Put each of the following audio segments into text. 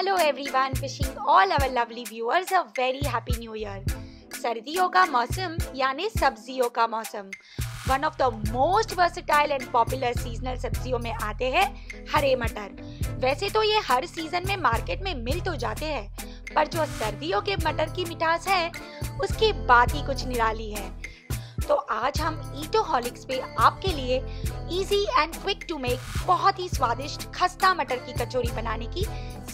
hello everyone wishing all our lovely viewers a very happy new year सर्दियों का मौसम यानी सब्जियों का मौसम one of the most versatile and popular seasonal सब्जियों में आते हैं हरे मटर वैसे तो ये हर सीजन में मार्केट में मिल तो जाते हैं पर जो सर्दियों के मटर की मिठास है उसकी बात ही कुछ निराली है तो आज हम ईटोहॉलिक्स पे आपके लिए easy and quick to make बहुत ही स्वादिष्ट खस्ता मटर की कचौरी बनाने की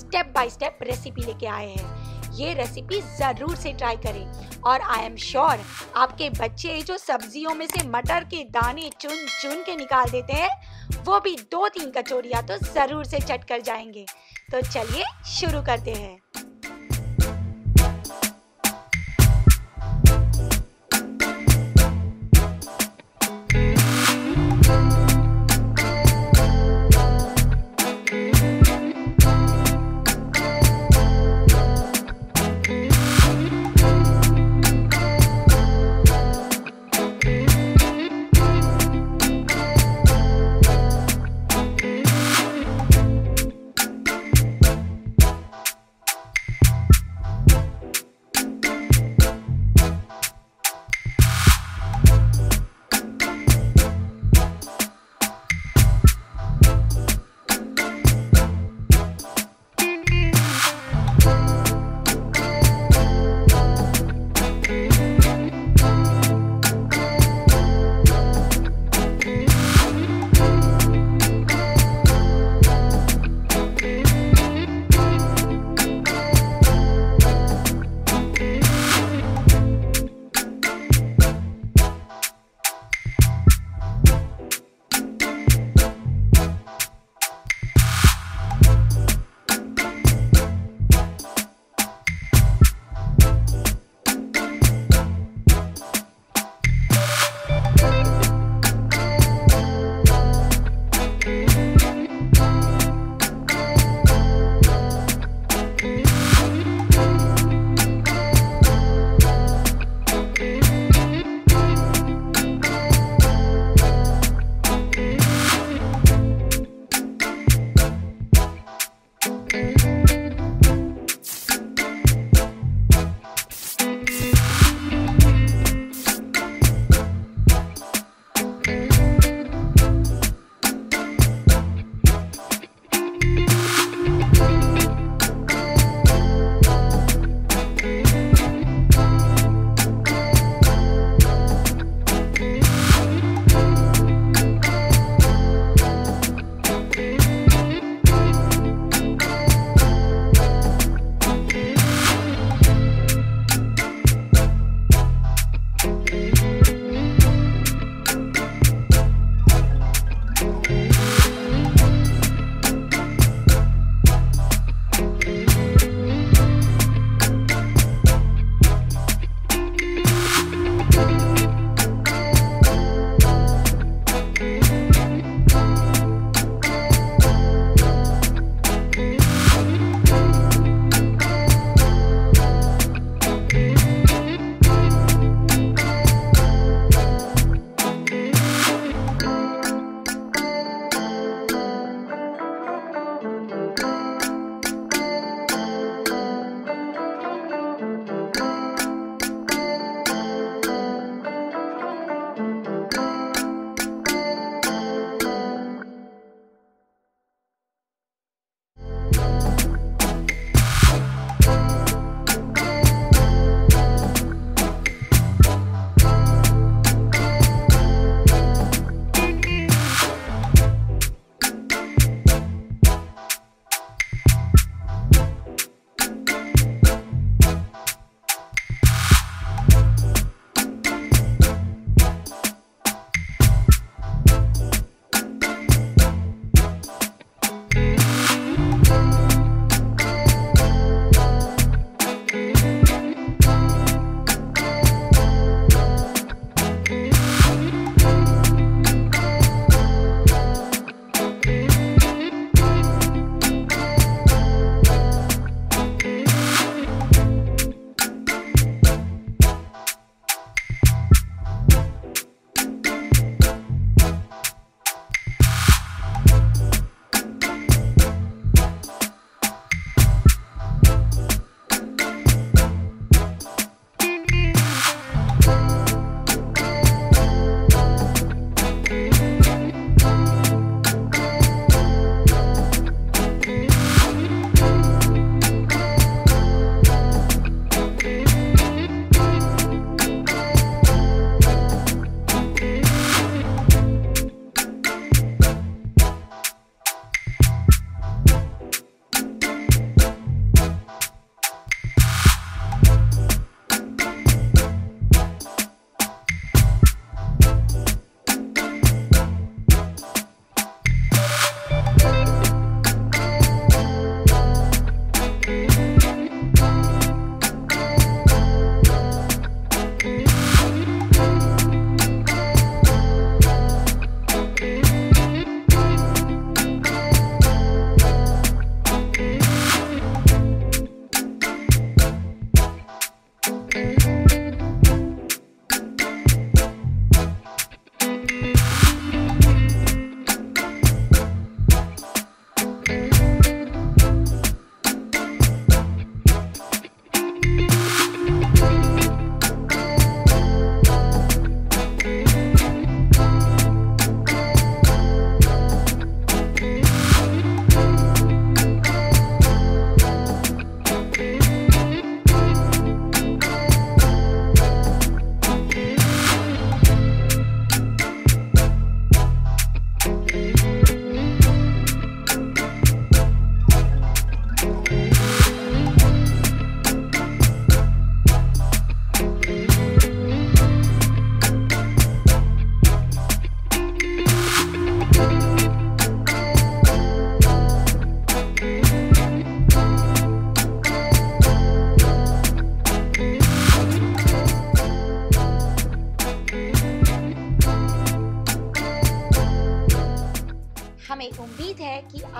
स्टेप बाय स्टेप रेसिपी लेके आए हैं ये रेसिपी ज़रूर से ट्राई करें और आई एम श्योर आपके बच्चे जो सब्जियों में से मटर के दाने चुन चुन के निकाल देते हैं वो भी दो तीन कचोरिया तो ज़रूर से चट कर जाएंगे तो चलिए शुरू करते हैं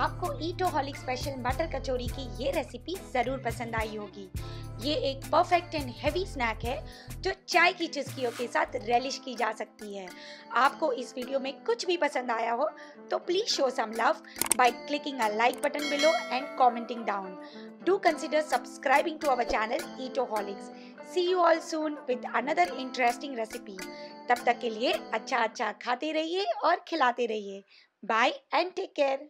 आपको ईटो हॉलिक स्पेशल मटर कचौरी की ये रेसिपी ज़रूर पसंद आई होगी ये एक परफेक्ट एंड हैवी स्नैक है जो चाय की चुस्कियों के साथ रेलिश की जा सकती है आपको इस वीडियो में कुछ भी पसंद आया हो तो please show some love by clicking a like button below and commenting down do consider subscribing to our channel eatoholics see you all soon with another interesting recipe तब तक के लिए अच्छा अच्छा खाते रहिए और खिलाते रहिए बाय एंड टेक केयर